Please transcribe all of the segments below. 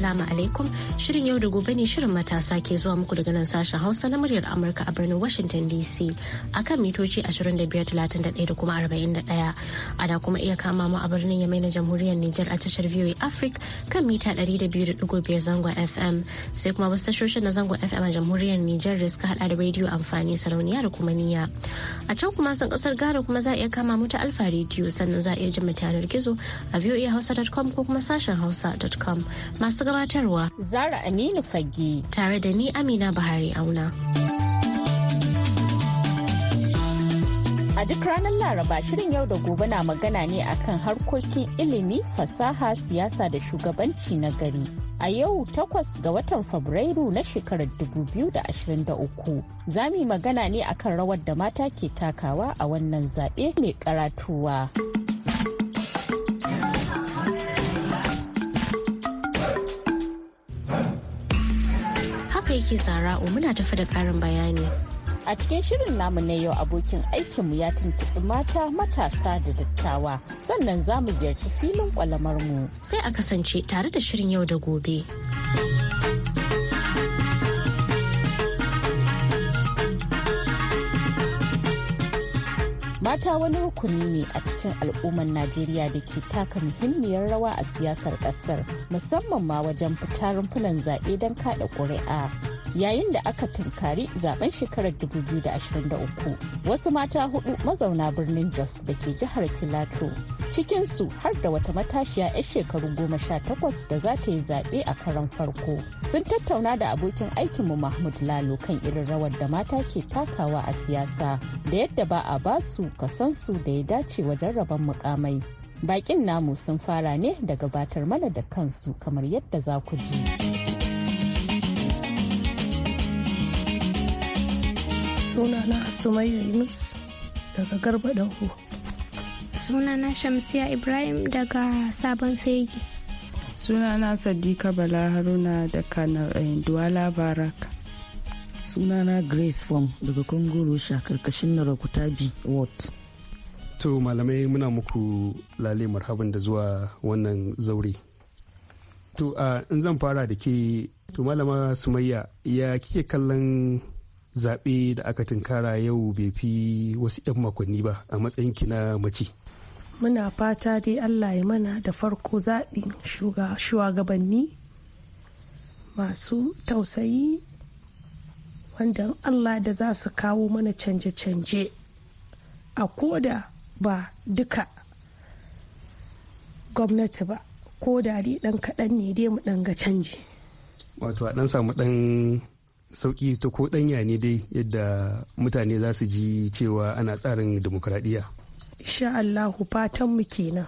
Assalamu alaikum shirin yau da gobe ne shirin matasa ke zuwa muku daga nan sashen Hausa na muryar Amurka a birnin Washington DC akan mitoci 2531 da kuma 41 da kuma iya kama mu a birnin Yamai na Jamhuriyar Nijar a tashar VOA Africa kan mita 200.5 zangon FM sai kuma wasu tashoshin na zangon FM a Jamhuriyar Nijar da suka hada da rediyo amfani sarauniya da kuma niyya. A can kuma sun kasar gara kuma za a iya kama mu ta Alfa Radio sannan za a iya jin mu yanar gizo a voahausa.com ko kuma sashen hausa.com masu gabatarwa. Zara Aminu Fage. Tare da ni Amina buhari Auna. A duk ranar Laraba shirin yau da gobe na magana ne akan harkokin ilimi, fasaha, siyasa da shugabanci na gari. A yau takwas ga watan Fabrairu na shekarar 2023 za mu yi magana ne akan rawar da mata ke takawa a wannan zaɓe mai karatuwa. Haka yake zara'u muna tafi da ƙarin bayani. A cikin shirin namu na yau abokin aikinmu ya tuntuɓi mata matasa da dattawa sannan za mu ziyarci filin kwalamar mu. Sai a kasance tare da shirin yau da gobe. mata wani rukuni ne a cikin al'ummar najeriya da ke taka muhimmiyar rawa a siyasar kasar musamman ma wajen fita rumfunan zaɓe don kaɗa ƙuri'a yayin da aka tunkari zaben shekarar 2023 wasu mata hudu mazauna birnin jos da ke jihar filato cikinsu har da wata matashiya yan shekaru goma sha takwas da za ta yi zaɓe a karan farko sun tattauna da abokin aikinmu mahmud lalo kan irin rawar da mata ke takawa a siyasa da yadda ba a basu kasansu da ya dace wajen rabon mukamai bakin namu sun fara ne da gabatar mana da kansu kamar yadda za ku ji. sunana Sumayya Yunus daga Garba Danko. Sunana Shamsiya Ibrahim daga Sabon Fegi. Sunana Sadiqa Bala Haruna da eh, Duwala Baraka. Sunana Grace Form daga Congo sha karkashin Narakutabi Ward. To malamai muna muku lale marhaban da zuwa wannan zaure. To in zan fara da ke to malama Sumayya ya kike kallon zaɓe da aka tunkara yau bai fi wasu 'yan makonni ba a matsayin kina mace muna fata dai allah ya mana da farko zaɓin shugabanni masu tausayi wanda allah da za su kawo mana canje-canje a koda ba duka gwamnati ba ko da ɗan kaɗan ne dai mu ɗan ga canji wato a ɗan samu ɗan sauki ta ko ɗanya ne dai yadda mutane za su ji cewa ana tsarin demokradiyya. sha'allahu Allahu fatan mu kenan.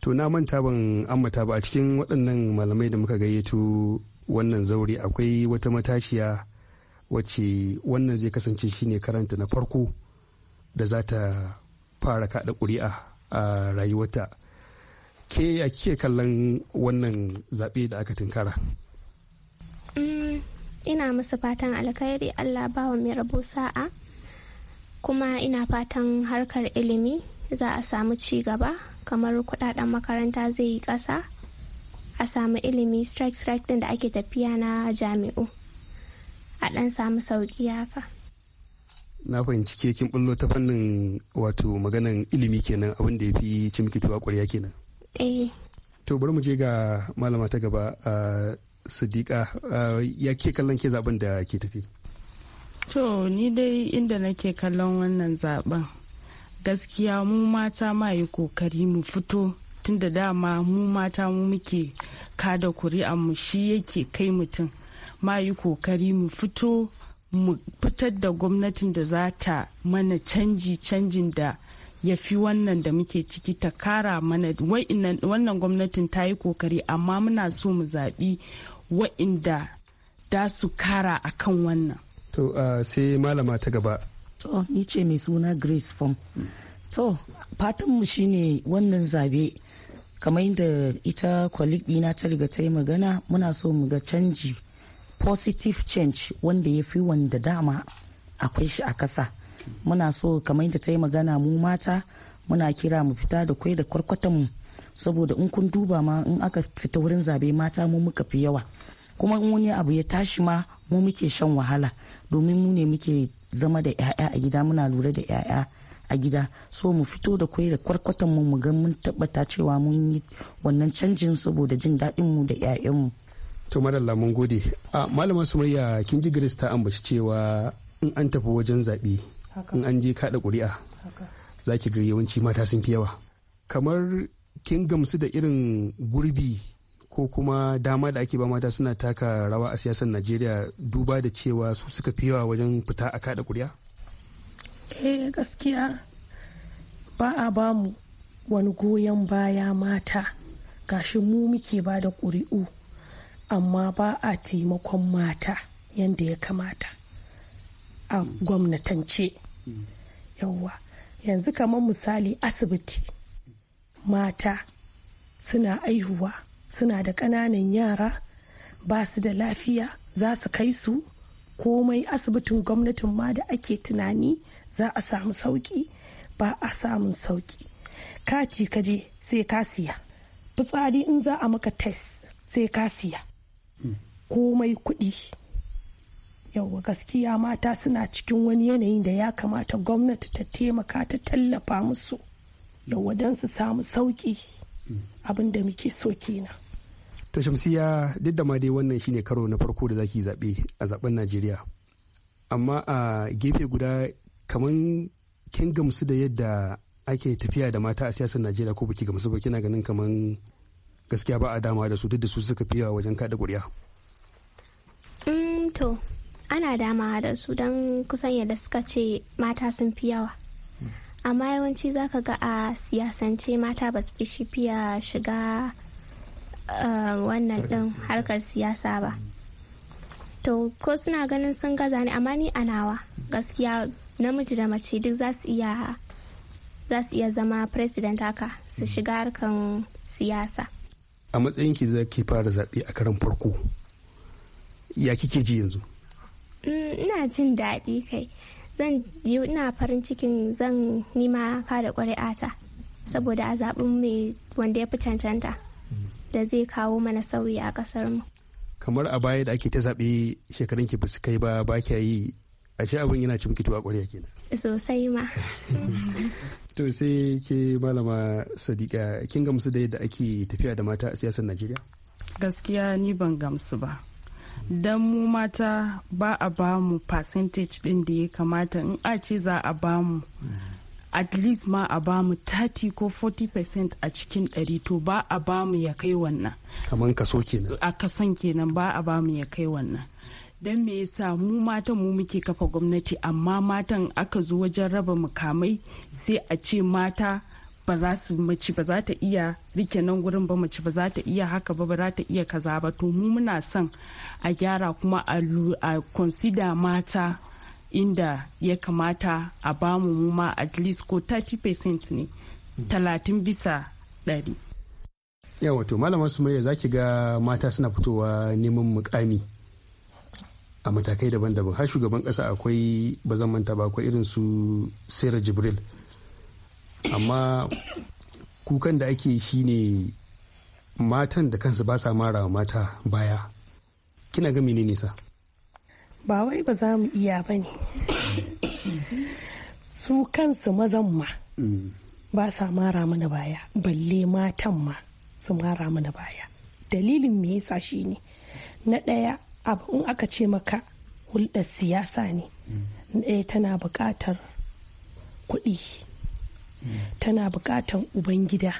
To na manta ban ammata ba a cikin waɗannan malamai da muka gayyato wannan zaure akwai wata matashiya wacce wannan zai kasance shine karanta na farko da za ta fara kaɗa ƙuri'a a rayuwarta. Ke ya kike kallon wannan zaɓe da aka tunkara? Mm, ina musu fatan alkhairi allah bawa mai rabo sa'a kuma ina fatan harkar ilimi za a samu ci gaba kamar kudaden makaranta zai yi ƙasa a samu ilimi strike strike din da ake tafiya na jami'u a ɗan samu sauƙi haka na fahimci ke kin bullo ta fannin wato maganan ilimi kenan abin da ya fi cimkituwa ƙwarya kenan eh to bari mu je ga malama ta gaba ah, sadiqa eh, ya ke kallon ke zaben da ke tafi to ni dai inda nake kallon wannan zaben gaskiya mu mata ma yi kokari mu fito tun da dama mu mata mu muke kada kuri'a mu shi yake kai mutum ma yi kokari mu fito mu fitar da gwamnatin da za ta mana canji canjin da ya fi wannan da muke ciki ta kara mana wannan gwamnatin ta yi kokari amma muna so mu zaɓi wa'inda da su kara a kan wannan to uh, sai malama ta gaba to ni ce mai suna grace form to fatanmu shi ne wannan zabe kamar yadda ita kwalik na ta riga ta yi magana muna so mu ga canji positive change wanda ya fi wanda dama akwai shi a kasa muna so kamar yadda ta yi magana mu mata muna kira mu fita da kwai da kwarkwatan mu saboda in kun duba ma in aka fita wurin zabe mata mu muka fi yawa kuma wani abu ya tashi ma mu muke shan wahala domin mu ne muke zama da 'ya'ya a gida muna lura da 'ya'ya a gida so mu fito da kwai da kwarkwatan mu ga mun tabbata cewa mun yi wannan canjin saboda jin daɗin mu da 'ya'yanmu. to madalla mun gode a malamar sumayya kin ji ta ambaci cewa in an tafi wajen zaɓe in an je kaɗa ƙuri'a za ki ga yawanci mata sun fi yawa kamar kin gamsu da irin gurbi ko kuma dama da ake ba mata suna taka rawa a siyasar najeriya duba da cewa su suka fi yawa wajen fita a kada kuri'a eh gaskiya ba a ba mu wani goyon baya mata gashi mu muke ba da ƙuri'u amma ba a taimakon mata yadda ya kamata a gwamnatance yawwa yanzu kamar misali asibiti mata suna aihuwa suna da ƙananan yara ba su da lafiya za su kai su komai asibitin gwamnatin ma da ake tunani za a samu sauki ba a samun sauki kati kaje sai ka siya fitsari in za a maka test sai ka siya hmm. komai kuɗi yauwa gaskiya mata suna cikin wani yanayin da ya kamata gwamnati ta taimaka ta tallafa musu yauwa don su samu sauki abin da muke so kenan ta shamsiya duk da ma dai wannan shine karo na farko da zaki zaɓe a zaben najeriya amma a gefe guda kaman kin gamsu da yadda ake tafiya da mata a siyasar najeriya ko baki gamsu ba kina ganin kaman gaskiya ba a dama da su duk da su suka fi yawa wajen kaɗa ƙuri'a mm, to ana dama da su don kusan yadda suka ce mata sun fi yawa amma yawanci ka ga a siyasance mata ba su fi fiya shiga eh, wannan din harkar siyasa ba mm. to ko suna ganin sun gaza ne amma ni a nawa gaskiya namiji da mace duk za su iya zama president haka su mm. shiga harkan siyasa a matsayin ki za ki fara zaɓe a karan farko ya kike ji yanzu mm, ina jin daɗi kai zan ina farin cikin zan nima kada ta saboda a zaɓin mai wanda ya fi cancanta da zai kawo mana sauyi a ƙasar mu kamar a baya da ake ta zaɓe shekarun ki ba su kai ba ba ki yi a shi abin yana ci miki a ƙwarya kenan sosai ma to sai ke malama sadiqa kin gamsu da yadda ake tafiya da mata a siyasar najeriya gaskiya ni ban gamsu ba dan mu mata ba a ba mu percentage din da ya kamata in a ce za a ba mu at least ma a ba mu 30 ko 40 percent a cikin ɗari to ba a ba mu ya kai wannan kaman kaso kenan a kason kenan ba a ba mu ya kai wannan dan me yasa mu mata mu muke kafa gwamnati amma matan aka zo wajen raba mukamai sai a ce mata ba za su mace ba za ta iya rike nan gurin ba mace ba za ta iya haka ba ba za ta iya kaza ba to mu muna son a gyara kuma a consider mata inda ya kamata a bamu mu ma at least ko 30% ne talatin bisa ɗari. yawa wato malamar sumayya za ki ga mata suna fitowa neman mukami a matakai daban-daban har shugaban kasa akwai ba zan manta ba akwai irin su sarah jibril amma kukan da ake shi ne matan da kansu ba sa mara mata baya kina ga menene nisa. ba wai ba za mu iya ba ne su kansu mazan ma ba sa mara mana baya balle matan ma su mara mana baya dalilin me yasa shi ne na ɗaya abu in aka ce maka hulɗar siyasa ne ɗaya tana buƙatar kuɗi tana bukatan ubangida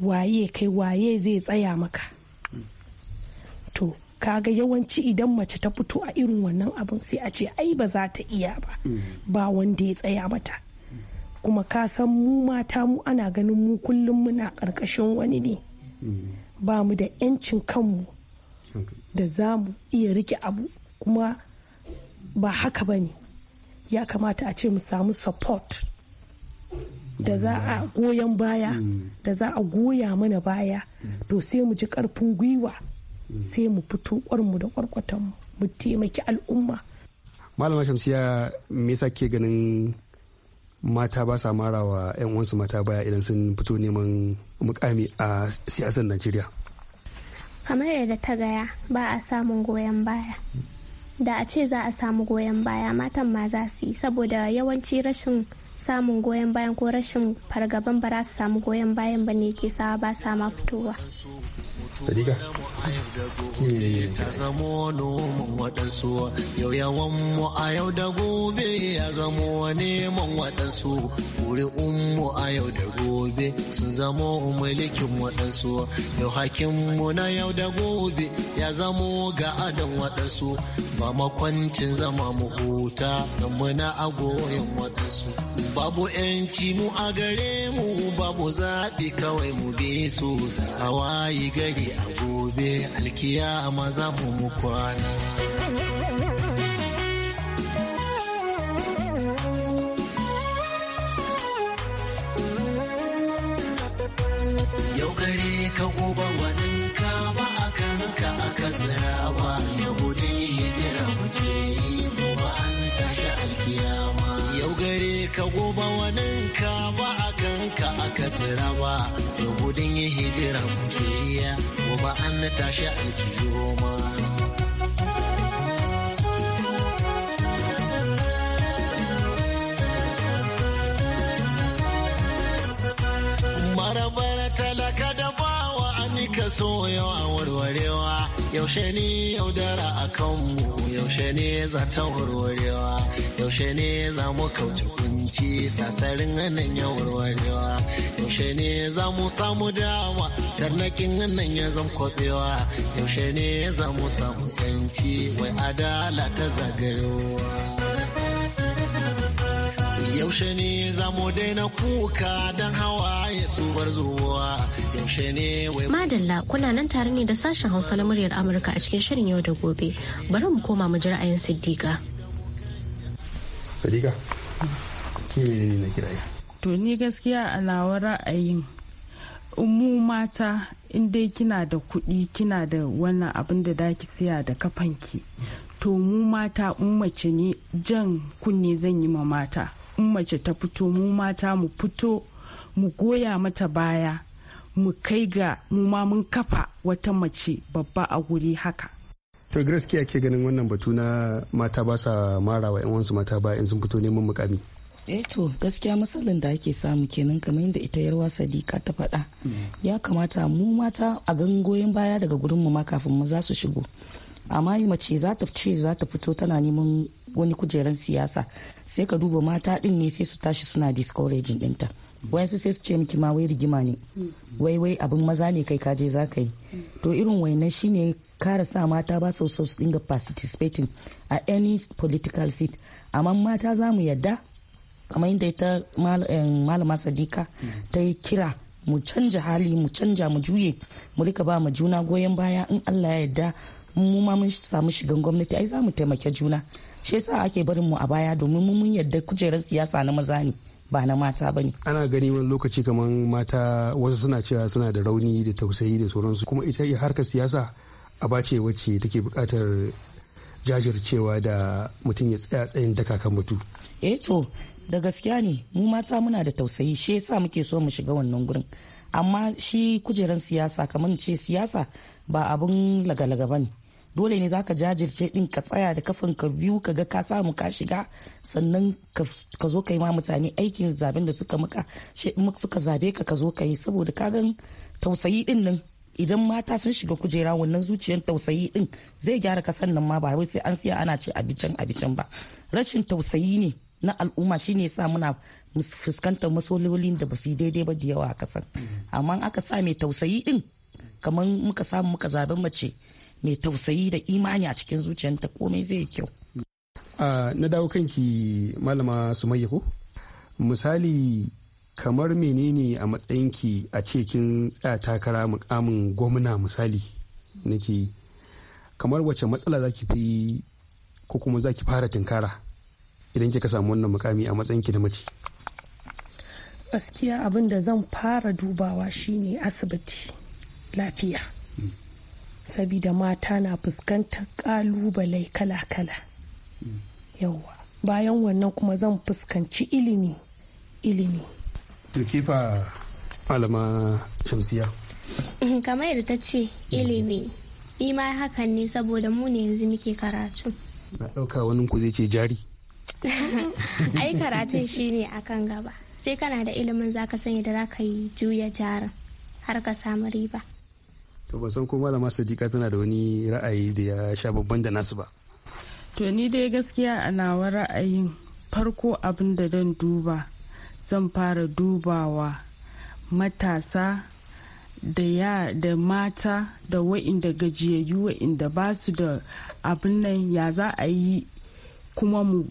waye kai waye zai tsaya maka to kaga yawanci idan mace ta fito a irin wannan abun sai a ce ai ba za ta iya ba ba wanda ya tsaya mata kuma ka san mu mata mu ana ganin mu kullum muna karkashin wani ne ba mu da 'yancin kanmu da za mu iya rike abu kuma ba haka ba ne ya kamata a ce mu samu support da za a goyon baya mm. da za a goya mana baya mm. to sai mu ji karfin gwiwa mm. sai mu fito kwarmu da kwarkwatan mu taimaki al'umma malama shamsiya me yasa ke ganin mata ba sa mara wa 'yan uwansu mata baya idan sun fito neman mukami a siyasar najeriya kamar yadda ta gaya ba a samun goyon baya da a ce za a samu goyon baya matan ma za su yi saboda yawanci rashin samun goyon bayan ko rashin fargaban ba za su samu goyon bayan ba ne ke sawa ba sa ma fitowa. Sadiqa. Ta zamo noman waɗansu yau yawan mu a yau da gobe ya zamo neman waɗansu ƙuri'un mu a yau da gobe sun zamo mulkin waɗansu yau hakin mu na yau da gobe ya zamo ga adam waɗansu ba makwancin zama mu huta muna a goyon waɗansu. babu yanci mu a gare mu babu zaɓi kawai mu bi su a gari a gobe alkiyama za mu mu kwana. ka hijira ba da gudun yi hijira muke iya kuma an na tashi alkiyoma Marabara talaka da bawa an yi kaso yau a warwarewa yaushe ne yaudara a kanmu yaushe ne za ta warwarewa yaushe ne za mu kauce kunci sasarin nan ya warwarewa yaushe ne za mu samu dawa tarnakin nan ya zan kwaɓewa yaushe ne za mu samu yanci wai adala ta zagayowa yaushe ne za mu daina kuka don hawa ya tsubar zuwa yaushe ne wai madalla kuna nan tare ne da sashen hausa na muryar amurka a cikin shirin yau da gobe bari mu koma mu ji ra'ayin siddiqa sadiqa ki ne na kiraya to ni gaskiya a nawa ra'ayin mu mata in dai kina da kuɗi kina da wannan abin da daki siya da kafanki to mu mata in mace ne jan kunne zan yi ma mata in mace ta fito mu mata mu fito mu goya mata baya mu kai ga mu ma mun kafa wata mace babba a guri haka to gaskiya ke ganin wannan batu na mata ba sa marawa yan wansu mata ba in sun fito neman mukami eh to gaskiya matsalan da ake samu kenan kamar yadda ita yarwa sadiqa ta faɗa mm. ya kamata mu mata a gangoyin baya daga gurin mu ma kafin mu za su shigo amma mace za ta ce za ta fito tana neman wani kujeran siyasa sai ka duba mata din ne sai su tashi suna discouraging dinta wayansu sai su ce miki ma wai rigima ne wai wai abin maza ne kai kaje za ka yi to irin wainan shine kara sa mata ba su so su dinga participating a any political seat amma mata za mu yadda kamar yadda ita malama sadika ta yi kira mu canja hali mu canja mu juye mu rika ba mu juna goyon baya in allah ya yarda mu ma mun samu shigan gwamnati ai za mu taimake juna shi yasa ake barin mu a baya domin mun yadda kujerar siyasa na maza ne ba na mata ba ne. Ana gani wani lokaci kamar mata wasu suna cewa suna da rauni da tausayi da sauransu kuma ita harka siyasa a bace wacce take bukatar jajircewa da mutum ya tsaya tsayin daka kan mutu. Eh to da gaskiya ne mu mata muna da tausayi shi yasa muke so mu shiga wannan gurin amma shi kujeran siyasa kamar ce siyasa ba abun lagalaga ba ne dole ne zaka jajirce din ka tsaya da kafin ka biyu ka ga ka samu ka shiga sannan ka zo ka ma mutane aikin zaben da suka maka suka zabe ka ka zo ka saboda ka gan tausayi din nan idan mata sun shiga kujera wannan zuciyar tausayi din zai gyara kasan nan ma ba wai sai an siya ana ci abicen abicen ba rashin tausayi ne na al'umma shine sa muna fuskantar masololin da ba su daidai ba da yawa a kasan amma aka sa mai tausayi din kamar muka samu muka zaben mace mai tausayi da imani a cikin zuciyarta komai zai kyau na dawo kanki malama su ko misali kamar menene a matsayinki a cikin kin tsaya takara mukamin gwamna misali nake kamar wace matsala zaki fi ko kuma zaki fara tunkara idan kika samu wannan mukami a matsayinki da mace gaskiya abin da zan fara dubawa shine asibiti lafiya hmm. sabida mata na fuskantar kalubale kala-kala yawa bayan wannan kuma zan fuskanci ilimi ilimi kifa malama shamsiya kamar yadda ta ce ilimi ni ma hakan ne saboda mu ne yanzu muke karatu na ɗauka wani ku zai ce jari ai karatun shi a akan gaba sai kana da ilimin zaka sanya da ka yi juya jarin har ka samu riba to ba san ko malama sadiqa tana da wani ra'ayi da ya sha babban da nasu ba to ni dai gaskiya a nawa ra'ayin farko abin da dan duba zan fara dubawa matasa da ya da mata da wa'inda gajiyayyu wa'inda ba su da abin nan ya za a yi kuma mu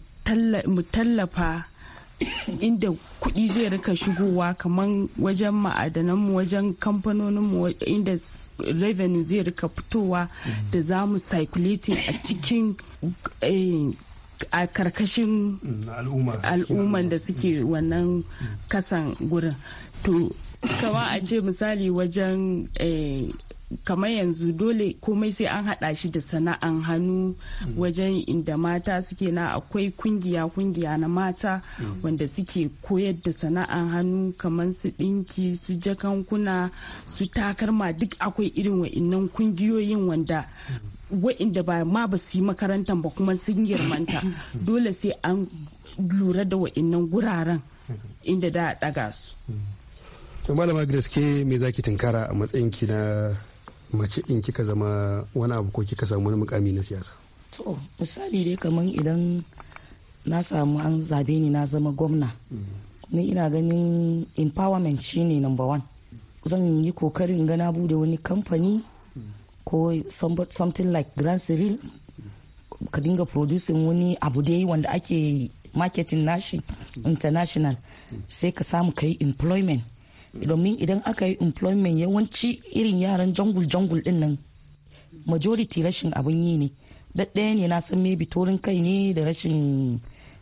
tallafa inda kuɗi zai rika shigowa kamar wajen ma'adananmu wajen kamfanoninmu inda revenue zai rika fitowa da za mu circulating a cikin eh, a karkashin al'umman da suke wannan kasan gurin to kama a ce misali wajen eh, kamar yanzu dole komai sai an hada shi da sana'an hannu mm. wajen inda mata suke na akwai kungiya kungiya na mata mm. wanda suke koyar da sana'an hannu kamar su dinki su jakankuna su takarma duk akwai irin wa'innan kungiyoyin wanda mm. wa'inda ba ma ba su yi makarantar ba kuma sun girmanta dole sai an lura da wa'innan guraren inda da daga su. malama gaske me zaki tunkara a matsayinki na mace in kika zama wani abu ko kika samu wani mukami na siyasa to misali dai kamar idan na samu an zabe ni na zama gwamna ni ina ganin empowerment shine number one zan yi kokarin gana bude wani kamfani ko something like grand civil ka dinga producing wani abu dai wanda ake marketing nashi international sai ka samu ka employment domin idan aka yi employment yawanci irin yaran jungle-jungle din nan majority rashin abin yi ne daɗaya ne na san maybe torin kai ne da rashin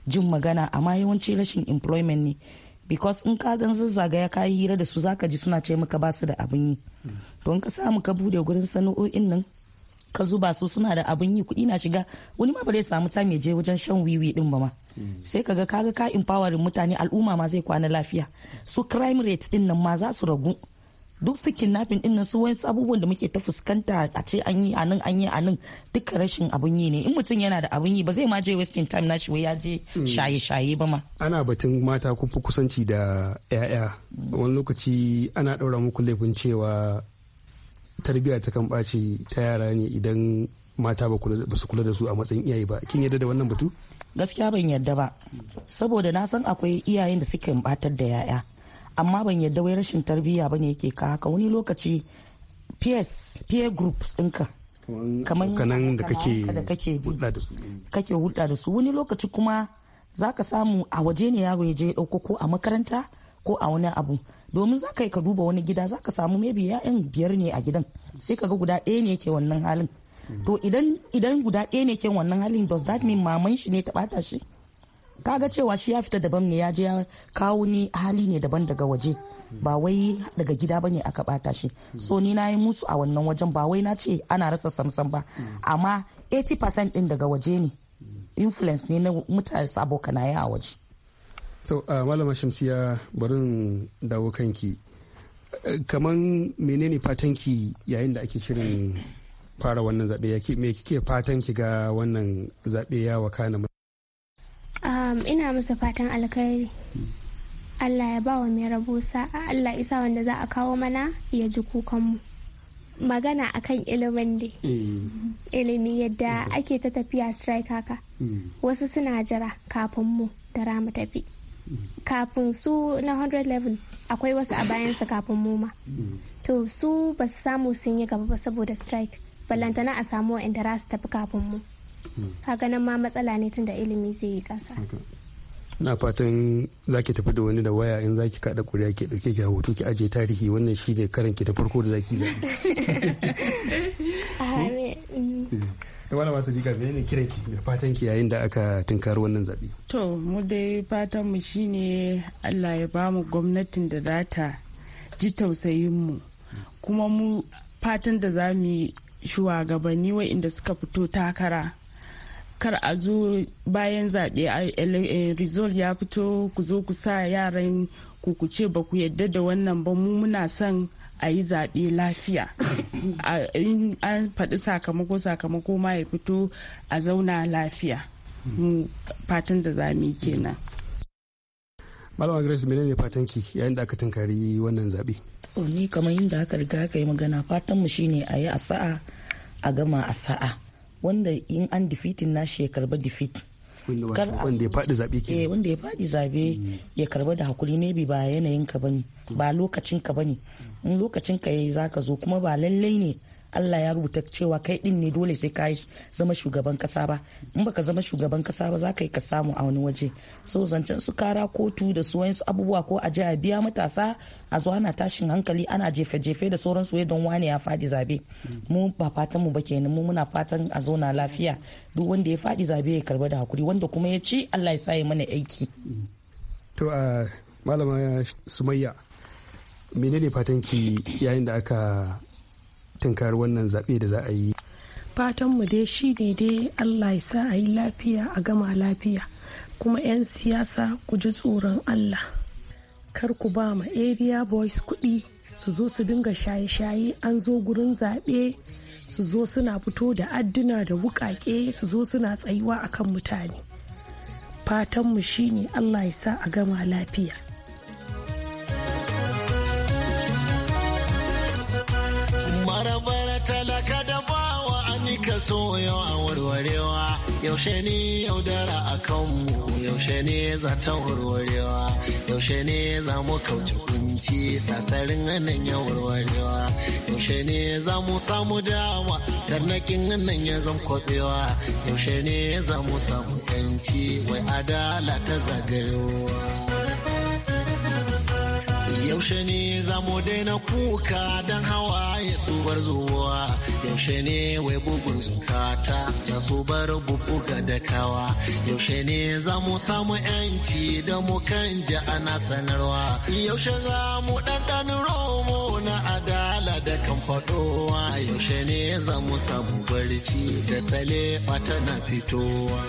jin magana amma yawanci rashin employment ne because in ka gan zazzagaya ka yi hira da su zaka ji suna ce maka basu da abin yi to in ka samu ka bude gurin sana'o'in nan ka zuba su suna da abin yi kuɗi na shiga wani ma ba zai samu ta je wajen shan wiwi din ba ma sai ka ga kaga ka empowerin mutane al'umma ma zai kwana lafiya su crime rate din nan ma za su ragu duk su kidnapping din nan su wani abubuwan da muke ta fuskanta a ce an yi anan an yi anan duka rashin abin yi ne in mutum yana da abin yi ba zai ma je wasting time na wai ya je mm. shaye shaye ba ma ana batun mata kun fi kusanci da yaya wani lokaci ana daura muku laifin cewa tarbiyya ta kan ɓaci ta yara ne idan mata ba su kula da su a matsayin iyaye ba kin yadda da wannan batu gaskiya ban yadda ba saboda na san akwai iyayen da suke batar da yaya amma ban yadda wai rashin tarbiyya bane yake ka haka wani lokaci peers peer groups ɗinka kamar kanan da kake hulɗa da su kake hulɗa da su wani lokaci kuma zaka samu a waje ne yaro ya je ɗauko ko a makaranta ko a wani abu domin za ka yi ka duba wani gida za ka samu maybe ya'yan biyar ne a gidan sai ka ga guda ɗaya ne ke wannan halin to idan idan guda ɗaya ne ke wannan halin does that mean maman shi ne ta bata shi ga cewa shi ya fita daban ne ya je ya kawo ni hali ne daban daga waje ba wai daga gida bane aka bata shi so ni na yi musu a wannan wajen ba wai na ce ana rasa samsam ba amma 80% din daga waje ne influence ne na mutane abokanaye a waje to malama shamsiya barin dawo kanki eh, kaman menene fatanki yayin da ake shirin fara wannan zaɓe me kike fatan ki ga wannan zaɓe ya wakana um, ina masa fatan alkhairi Allah ya bawa mai rabo sa'a Allah isa wanda za a kawo mana ya ji kukanmu magana akan ilimin ne mm. ilimi yadda mm. ake ta tafiya strike haka mm. wasu suna jira kafin mu da mu tafi kafin su na 100 akwai wasu a bayansa kafin muma to su ba su samu sun yi gaba ba saboda strike ballantana a samu wa'anda za su tafi kafin mu haka nan ma matsala ne tun da ilimi zai yi kasa na fatan za ki tafi da wani da waya in za ki kada kuriya ke dauke ki hoto ki ajiye tarihi wannan shi ne karan ki ta farko da za ki wani masu sadiqa ne kiran ki da fatan ki yayin da aka tunkar wannan zaɓe. to mu dai fatan mu shine Allah ya bamu gwamnatin da za ta ji tausayin mu kuma mu fatan da za mu yi shugabanni wa'inda suka fito takara kar a zo bayan zaɓe eh, result ya fito ku zo ku sa yaran ku ku ce ba ku yadda da wannan ba mu muna son a yi zaɓe lafiya in an faɗi sakamako sakamako ma ya fito a zauna lafiya mu fatan da za mu yi kenan malama grace menene fatan ki yayin da aka tunkari wannan zaɓe ni kamar yadda aka riga aka yi magana fatan mu shine a yi a sa'a a gama a sa'a wanda in an difitin na ya ba difit wanda ya faɗi zaɓe ke eh wanda ya faɗi zaɓe ya karba da hakuri ne bi ba yanayin ka bane ba lokacin ka bane in lokacin ka yayi zaka zo kuma ba lallai ne Allah ya rubuta cewa kai din ne dole sai ka zama shugaban kasa ba in baka zama shugaban kasa ba za ka yi ka samu a wani waje so zancen su kara kotu da su wayansu abubuwa ko a biya matasa a zuwa ana tashin hankali ana jefe-jefe da sauran su don wane ya fadi zabe mu ba fatan mu ba kenan mu muna fatan a zauna lafiya duk wanda ya fadi zabe ya karba da hakuri wanda kuma ya ci Allah ya sa ya mana aiki to a malama sumayya menene fatan ki yayin da aka tunkar wannan zaɓe da za a yi fatanmu dai shi ne dai allah ya sa a yi lafiya a gama lafiya kuma 'yan siyasa ku ji tsoron allah kar ku ba ma area boys kuɗi su zo su dinga shaye-shaye an zo gurin zaɓe su zo suna fito da adduna da wukake su zo suna tsayuwa akan mutane fatanmu ne allah ya sa a gama lafiya ka so yau warwarewa yaushe ne yaudara a kanmu yaushe ne za ta warwarewa yaushe ne za mu kauce kunci sasarin nan ya warwarewa yaushe ne za mu samu dama tarnakin nan ya zan kwaɓewa yaushe ne za mu samu yanci wai adala ta zagayowa yaushe ne za mu daina kuka don hawa ya tsubar zuwa yaushe ne wai bugun zukata za su bar bubuga da kawa yaushe ne za mu samu yanci da mu kan ji ana sanarwa yaushe za mu ɗanɗanin romo na adala da kan faɗowa yaushe ne za mu samu barci da sale ta na fitowa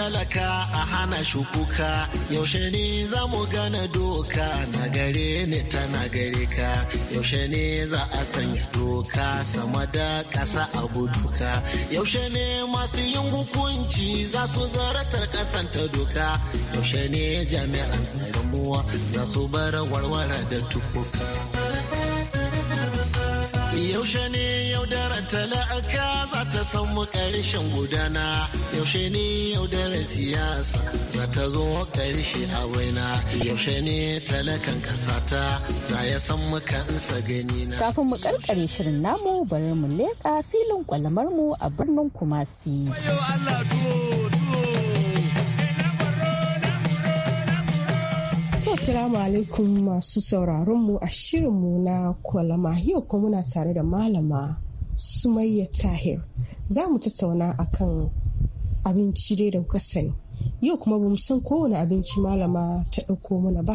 talaka a hana shukuka yaushe ne za mu gane doka na gare ne ta gare ka yaushe ne za a sanya doka sama da ƙasa a duka yaushe ne masu yin hukunci za su zaratar ƙasan ta doka yaushe ne jami'an tsaron za su bar warware da tukuka yaushe ne yaudarar talaka ta san karshen gudana yaushe ne yaudarar siyasa za ta zo karshe a waina yaushe ne talakan kasata za ya san mu gani na kafin mu karkare shirin namu bari mu leka filin kwalamar mu a birnin kumasi Assalamu alaikum masu sauraron mu a shirinmu na kwalama yau kuma muna tare da malama Sumayya Tahir. Za mu tattauna kan abinci dai da kuka sani. Yau kuma ba san kowane abinci malama ta ɗauko mana ba.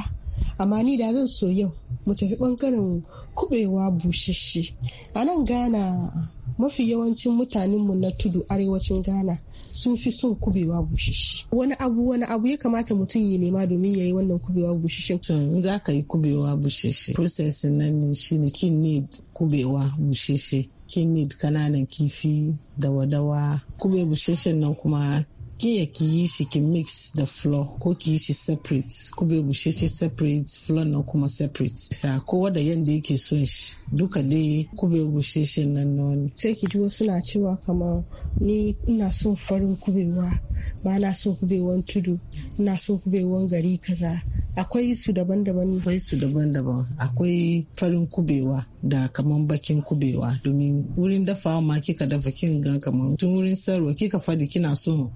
Amma ni da zan so yau mu tafi ɓangaren kubewa bushashe. A nan Ghana mafi yawancin mutanenmu na tudu arewacin Ghana sun fi son kubewa bushashe. Wani abu wani abu ya kamata mutum ya nema domin ya yi wannan kubewa bushashe. To za ka yi kubewa bushashe. Processing nan shi ne kin need kubewa bushashe. kingid kananan kifi da wadawa kuma busheshen nan kuma ki ya ki yi shi ki mix da flour ko ki yi shi separate ko bai bushe shi separate flour na kuma separate sa kowa da yanda yake son shi duka dai ko bai bushe shi nan na wani sai ki ji wasu na cewa kamar ni ina son farin kubewa ba na son kubewan tudu ina son kubewan gari kaza akwai su daban-daban akwai su daban-daban akwai farin kubewa da kaman bakin kubewa domin wurin dafawa ma kika dafa kin gan kaman tun wurin sarwa kika fadi kina son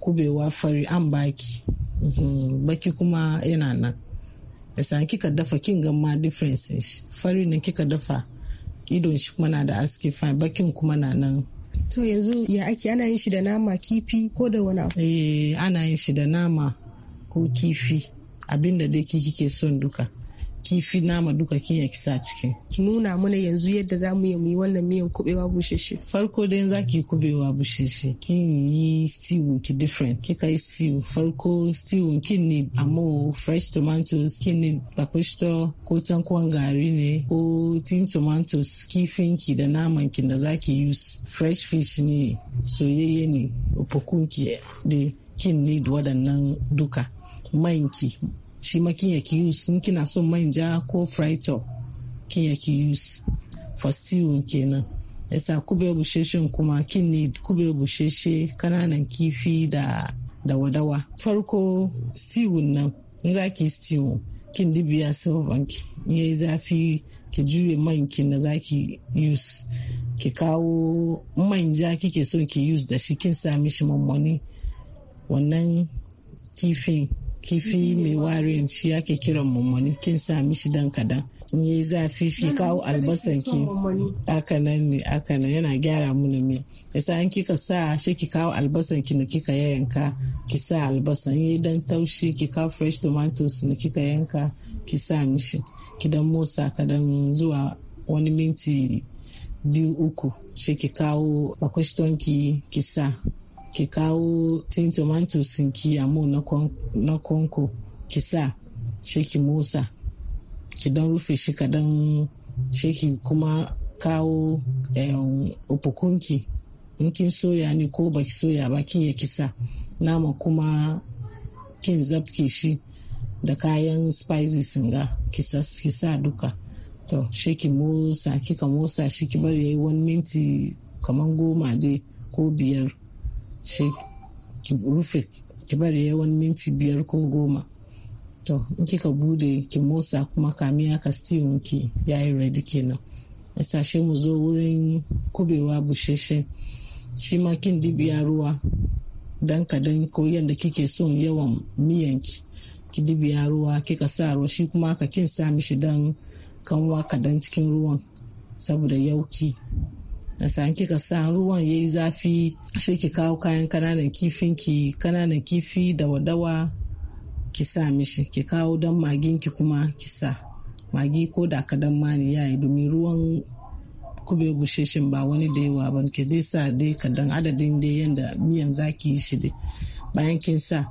kubewa fari an baki mhm, baki kuma yana nan yasa kika dafa kin gama ma difference fari nan kika dafa idon shi kuma na da aski fine bakin kuma na nan to yanzu ya ake ana yin shi da nama kifi ko da wani abu eh ana yin shi da nama ko kifi abinda dai kike son duka kifi nama duka kin ya kisa ciki. Ki nuna mana yanzu yadda za mu yi wannan miyan kubewa busheshe. Farko dai za ki kubewa busheshe. Kin yi stew ki different. Kika yi stew. Farko stew kin ne amo fresh tomatoes kin ne bakwisto ko tankwan gari ne ko tin tomatoes kifin ki da naman ki da za ki use. Fresh fish ne soyayye ne opokun ki da kin ne waɗannan duka. Manki shi ma kin use in kina son manja ko frito kin yaki use for stew kenan yasa kube busheshen kuma kin ne kube busheshe kananan kifi da dawa-dawa farko stew nan in za ki stew kin dibiya silvan ki in zafi ki juye man kin na za ki use ki kawo manja kike son ki use da shi kin sami shi mammoni wannan kifin kifi mai warin shi ake kiran mummuni kin sami shi dan kadan in yi zafi shi kawo albasan ki haka nan ne haka nan yana gyara mini me yasa in kika sa shi ki kawo albasan ki na kika yanka ki sa albasan yi dan taushi ki kawo fresh tomatoes na kika yanka ki sa mishi ki dan motsa kadan zuwa wani minti biyu uku shi ki kawo akwashton ki ki sa ki kawo tin tomatoes ki amu na konko ki sa shi ki motsa ki don rufe shi kadan shi ki kuma kawo upukunki in kin soya ne ko baki soya ba kin ya kisa nama kuma kin zabke shi da kayan spices ga kisa duka to shi ki motsa kika motsa shi ki bari yayi wani minti kamar goma dai ko biyar shi ki rufe ki bari yawan minti biyar ko goma to in kika bude ki motsa kuma kamiya ka stew ki yayi ready kenan sashe mu zo wurin kubewa busheshe shi ma kin dibiya ruwa dan kadan ko yadda kike son yawan miyanki ki dibiya ruwa kika sa ruwa shi kuma ka kin sa mishi dan kanwa kadan cikin ruwan saboda yauki na san kika sa ruwan yayi zafi sai ki kawo kayan kananan kifin ki kananan kifi da wadawa ki sa mishi ki kawo dan magin ki kuma ki sa magi ko da kadan dan mani yayi domin ruwan kube busheshin ba wani da yawa ba ki dai sa dai kadan adadin da yanda miyan zaki yi shi dai bayan kin sa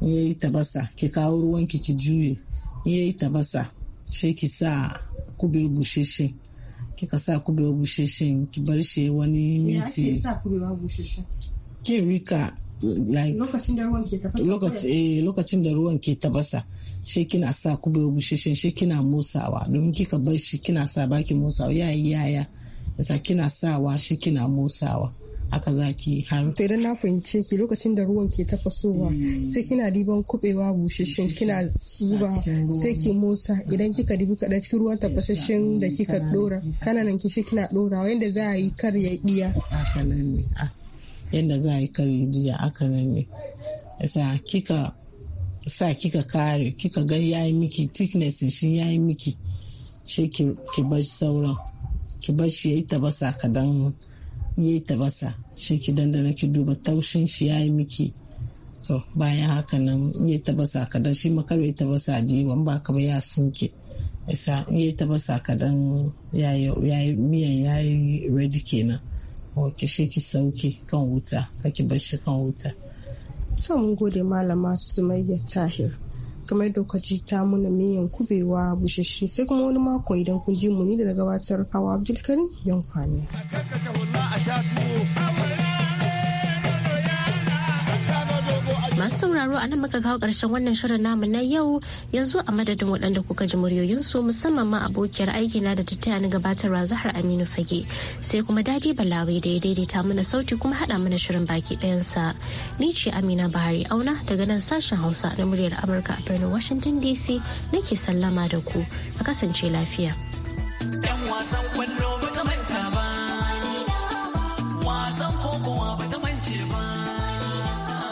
yayi tabasa ki kawo ruwan ki ki juye yayi tabasa sai ki sa kube busheshin kika sa kubewa busheshen ki bar shi wani minti ya sa kubewa busheshen kin rika like lokacin da ruwan ke tafasa eh, lokacin da ruwan ke tafasa shi kina sa kubewa busheshen she kina musawa domin kika bar shi kina sa baki musawa yayi yaya yasa kina sawa shi kina musawa aka zaki har. To idan na fahimce ki lokacin da ruwan ke tafasowa hmm. sai kina diban kubewa bushashin kina zuba sai ki motsa idan kika dibi kaɗan cikin ruwan tafasashin da kika dora kananan kishi kina dora yadda za a yi kar ya diya. Ah, yadda za a yi kar ya diya aka nan ne. Yasa kika sa kika kare kika ga yayi miki thickness shi yayi miki shi ki bar sauran ki bar shi yayi tabasa kadan yi tabasa shi ki dandana ki duba taushin shi ya yi miki to bayan haka nan yi tabasa kadan shi makaro yi tabasa jiwon ba ka ba ya sunke isa yi tabasa kadan ya yi miyan ya yi ready kenan ki shi ki sauke kan wuta kaki bar shi kan wuta. to mun gode malama su sumayya tahir kamar da ta muna miyan kubewa bushashe sai kuma wani mako idan kun ji muni ni da gabatar hawa abdulkarim yankwani. Masu sauraro a nan muka kawo karshen wannan shirin namu na yau yanzu a madadin waɗanda kuka ji muryoyinsu musamman ma abokiyar aiki na da tattaya ni gabatarwa Zahar Aminu Fage sai kuma Dadi Balawai da ya daidaita mana sauti kuma haɗa mana shirin baki ɗayansa. Ni ce Amina Bahari Auna daga nan sashen Hausa na muryar Amurka a birnin Washington DC nake sallama da ku a kasance lafiya. wasan kwallo ba ta manta ba, wasan koko ba ta